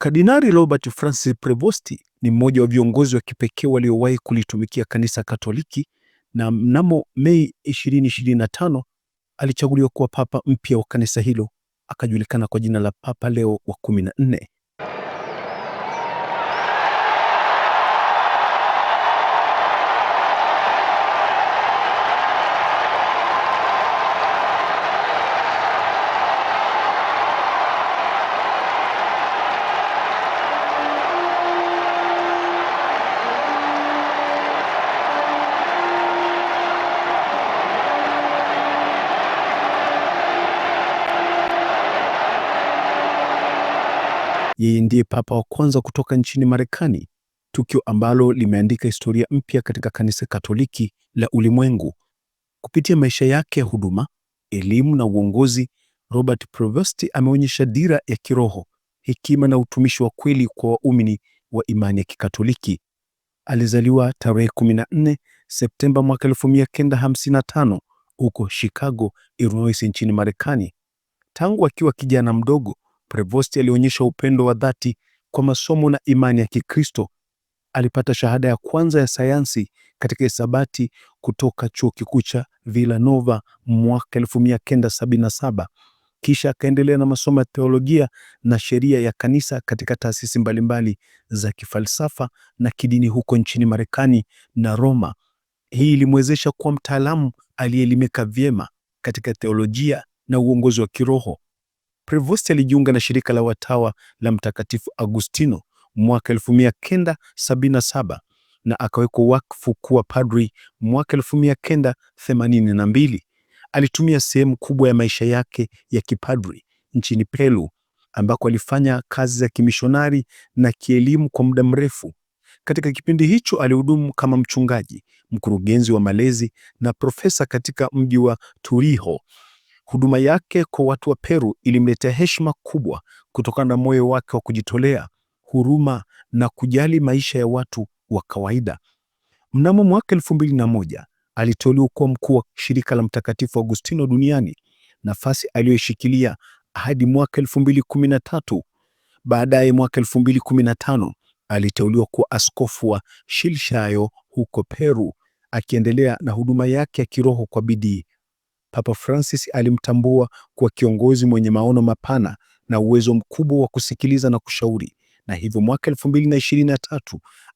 Kardinali Robert Francis Prevost ni mmoja wa viongozi wa kipekee waliowahi kulitumikia kanisa Katoliki na mnamo Mei 2025 alichaguliwa kuwa papa mpya wa kanisa hilo akajulikana kwa jina la Papa Leo wa 14. Yeye ndiye papa wa kwanza kutoka nchini Marekani, tukio ambalo limeandika historia mpya katika kanisa Katoliki la ulimwengu. Kupitia maisha yake ya huduma, elimu na uongozi, Robert Prevost ameonyesha dira ya kiroho, hekima na utumishi wa kweli kwa waumini wa imani ya Kikatoliki. Alizaliwa tarehe 14 Septemba mwaka 1955 huko Chicago, Illinois nchini Marekani. Tangu akiwa kijana mdogo, Prevosti alionyesha upendo wa dhati kwa masomo na imani ya Kikristo. Alipata shahada ya kwanza ya sayansi katika hisabati kutoka chuo kikuu cha Villanova mwaka 1977. Kisha akaendelea na masomo ya teolojia na sheria ya kanisa katika taasisi mbalimbali za kifalsafa na kidini huko nchini Marekani na Roma. Hii ilimwezesha kuwa mtaalamu aliyeelimika vyema katika teolojia na uongozi wa kiroho. Prevost alijiunga na shirika la watawa la Mtakatifu Agustino mwaka 1977 na akawekwa wakfu kuwa padri mwaka 1982. Alitumia sehemu kubwa ya maisha yake ya kipadri nchini Peru ambako alifanya kazi za kimishonari na kielimu kwa muda mrefu. Katika kipindi hicho alihudumu kama mchungaji, mkurugenzi wa malezi na profesa katika mji wa Turiho Huduma yake kwa watu wa Peru ilimletea heshima kubwa kutokana na moyo wake wa kujitolea, huruma na kujali maisha ya watu wa kawaida. Mnamo mwaka moja aliteuliwa kuwa mkuu wa shirika la Mtakatifu Agustino duniani, nafasi aliyoishikilia hadi mwaka tatu. Baadaye mwaka tano aliteuliwa kuwa askofu wa Shilshayo huko Peru, akiendelea na huduma yake ya kiroho kwa bidii Papa Francis alimtambua kuwa kiongozi mwenye maono mapana na uwezo mkubwa wa kusikiliza na kushauri, na hivyo mwaka 2023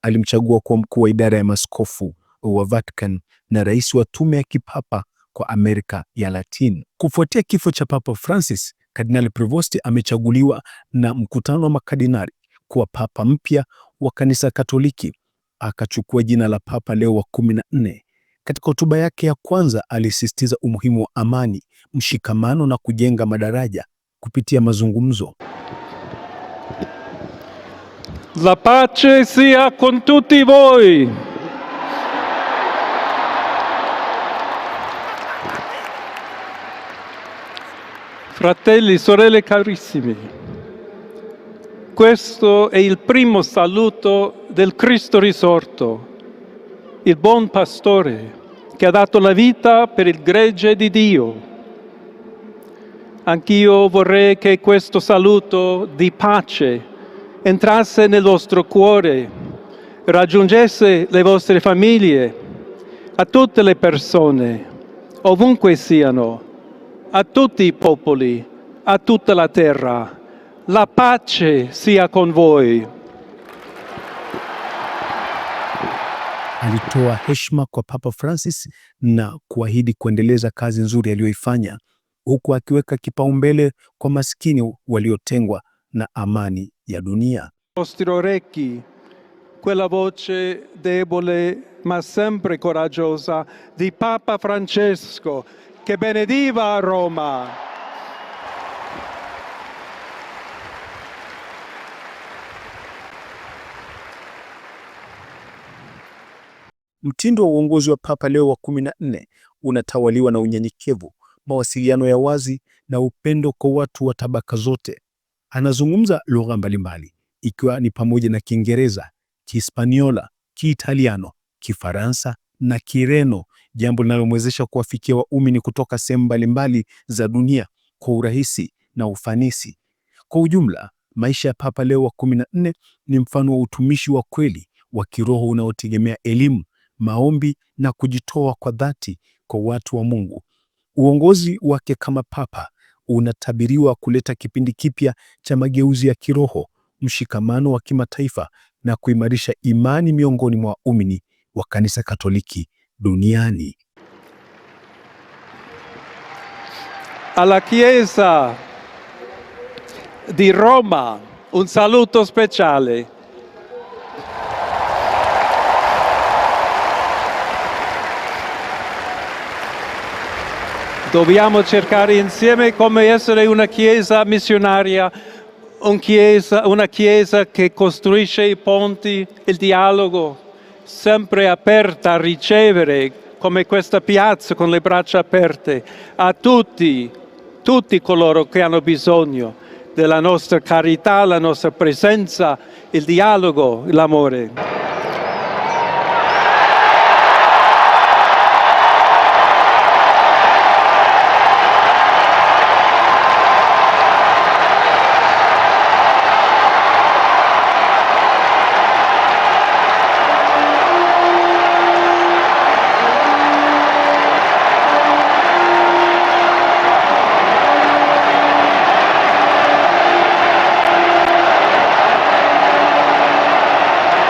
alimchagua kuwa mkuu wa idara ya maskofu wa Vatican na rais wa tume ya kipapa kwa Amerika ya Latin. Kufuatia kifo cha Papa Francis, Kardinali Prevost amechaguliwa na mkutano wa makardinali kuwa papa mpya wa kanisa Katoliki, akachukua jina la Papa Leo wa 14 katika hotuba yake ya kwanza alisisitiza umuhimu wa amani, mshikamano na kujenga madaraja kupitia mazungumzo. La pace sia con tutti voi. Fratelli, sorelle carissimi. Questo è il primo saluto del Cristo risorto. il buon pastore che ha dato la vita per il gregge di Dio. Anch'io vorrei che questo saluto di pace entrasse nel vostro cuore, raggiungesse le vostre famiglie, a tutte le persone, ovunque siano, a tutti i popoli, a tutta la terra. La pace sia con voi. alitoa heshima kwa Papa Francis na kuahidi kuendeleza kazi nzuri aliyoifanya huku akiweka kipaumbele kwa maskini waliotengwa na amani ya dunia. nostri orecchi quella voce debole ma sempre coraggiosa di Papa Francesco che benediva Roma. Mtindo wa uongozi wa Papa Leo wa kumi na nne unatawaliwa na unyenyekevu, mawasiliano ya wazi na upendo kwa watu wa tabaka zote. Anazungumza lugha mbalimbali ikiwa ni pamoja na Kiingereza, Kihispaniola, Kiitaliano, Kifaransa na Kireno, jambo linalomwezesha kuwafikia waumini kutoka sehemu mbalimbali za dunia kwa urahisi na ufanisi. Kwa ujumla, maisha ya Papa Leo wa kumi nne ni mfano wa utumishi wa kweli wa kiroho unaotegemea elimu, maombi na kujitoa kwa dhati kwa watu wa Mungu. Uongozi wake kama papa unatabiriwa kuleta kipindi kipya cha mageuzi ya kiroho, mshikamano wa kimataifa na kuimarisha imani miongoni mwa waumini wa Kanisa Katoliki duniani. Alla Chiesa di Roma un saluto speciale. Dobbiamo cercare insieme come essere una chiesa missionaria, un chiesa, una chiesa che costruisce i ponti, il dialogo, sempre aperta a ricevere, come questa piazza con le braccia aperte, a tutti, tutti coloro che hanno bisogno della nostra carità, la nostra presenza, il dialogo, l'amore.